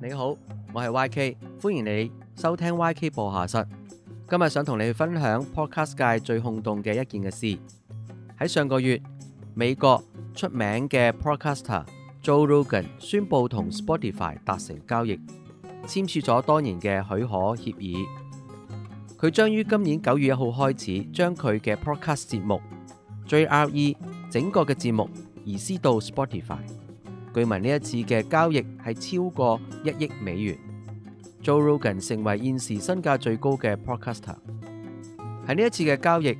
你好，我係 YK，歡迎你收聽 YK 播下室。今日想同你分享 Podcast 界最轟動嘅一件嘅事。喺上個月，美國出名嘅 Podcaster Joe Rogan 宣布同 Spotify 達成交易，簽署咗多年嘅許可協議。佢將於今年九月一號開始，將佢嘅 Podcast 節目 JRE 整個嘅節目移師到 Spotify。據聞呢一次嘅交易係超過一億美元，Joe Rogan 成為現時身價最高嘅 Podcaster。喺呢一次嘅交易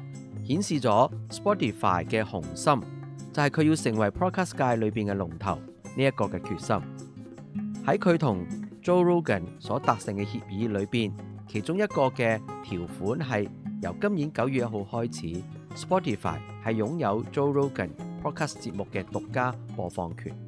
顯示咗 Spotify 嘅雄心，就係佢要成為 Podcast 界裏邊嘅龍頭呢一個嘅決心。喺佢同 Joe Rogan 所達成嘅協議裏邊，其中一個嘅條款係由今年九月一號開始，Spotify 係擁有 Joe Rogan Podcast 節目嘅獨家播放權。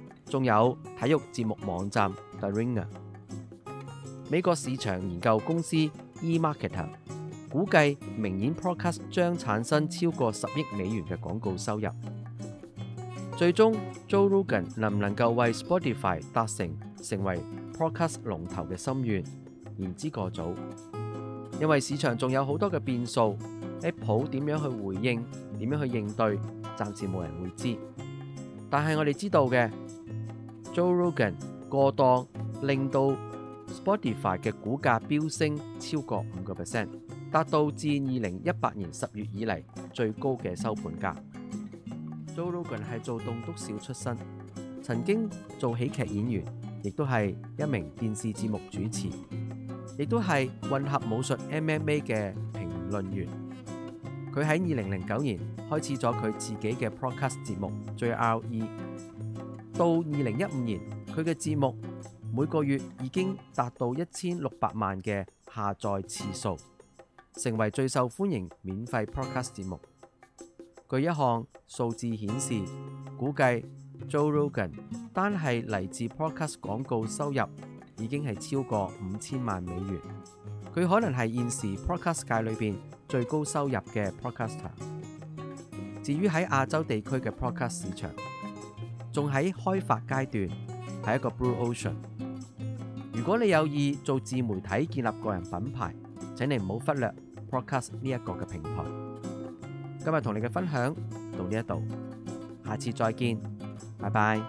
仲有體育節目網站 The Ringer。美國市場研究公司 E-marketer 估計，明年 Podcast 將產生超過十億美元嘅廣告收入。最終，Joe Rogan 能唔能夠為 Spotify 達成成為 Podcast 龍頭嘅心願，言之過早，因為市場仲有好多嘅變數。Apple 點樣去回應，點樣去應對，暫時冇人會知。但係我哋知道嘅。Joe Rogan 過檔令到 Spotify 嘅股價飆升超過五個 percent，達到自二零一八年十月以嚟最高嘅收盤價。Joe Rogan 係做棟篤笑出身，曾經做喜劇演員，亦都係一名電視節目主持，亦都係混合武術 MMA 嘅評論員。佢喺二零零九年開始咗佢自己嘅 podcast 節目《JRE》。到二零一五年，佢嘅節目每個月已經達到一千六百萬嘅下載次數，成為最受歡迎免費 Podcast 節目。據一項數字顯示，估計 Joe Rogan 單係嚟自 Podcast 廣告收入已經係超過五千萬美元。佢可能係現時 Podcast 界裏面最高收入嘅 Podcaster。至於喺亞洲地區嘅 Podcast 市場，仲喺開發階段，係一個 Blue Ocean。如果你有意做自媒體建立個人品牌，請你唔好忽略 podcast 呢一個嘅平台。今日同你嘅分享到呢一度，下次再見，拜拜。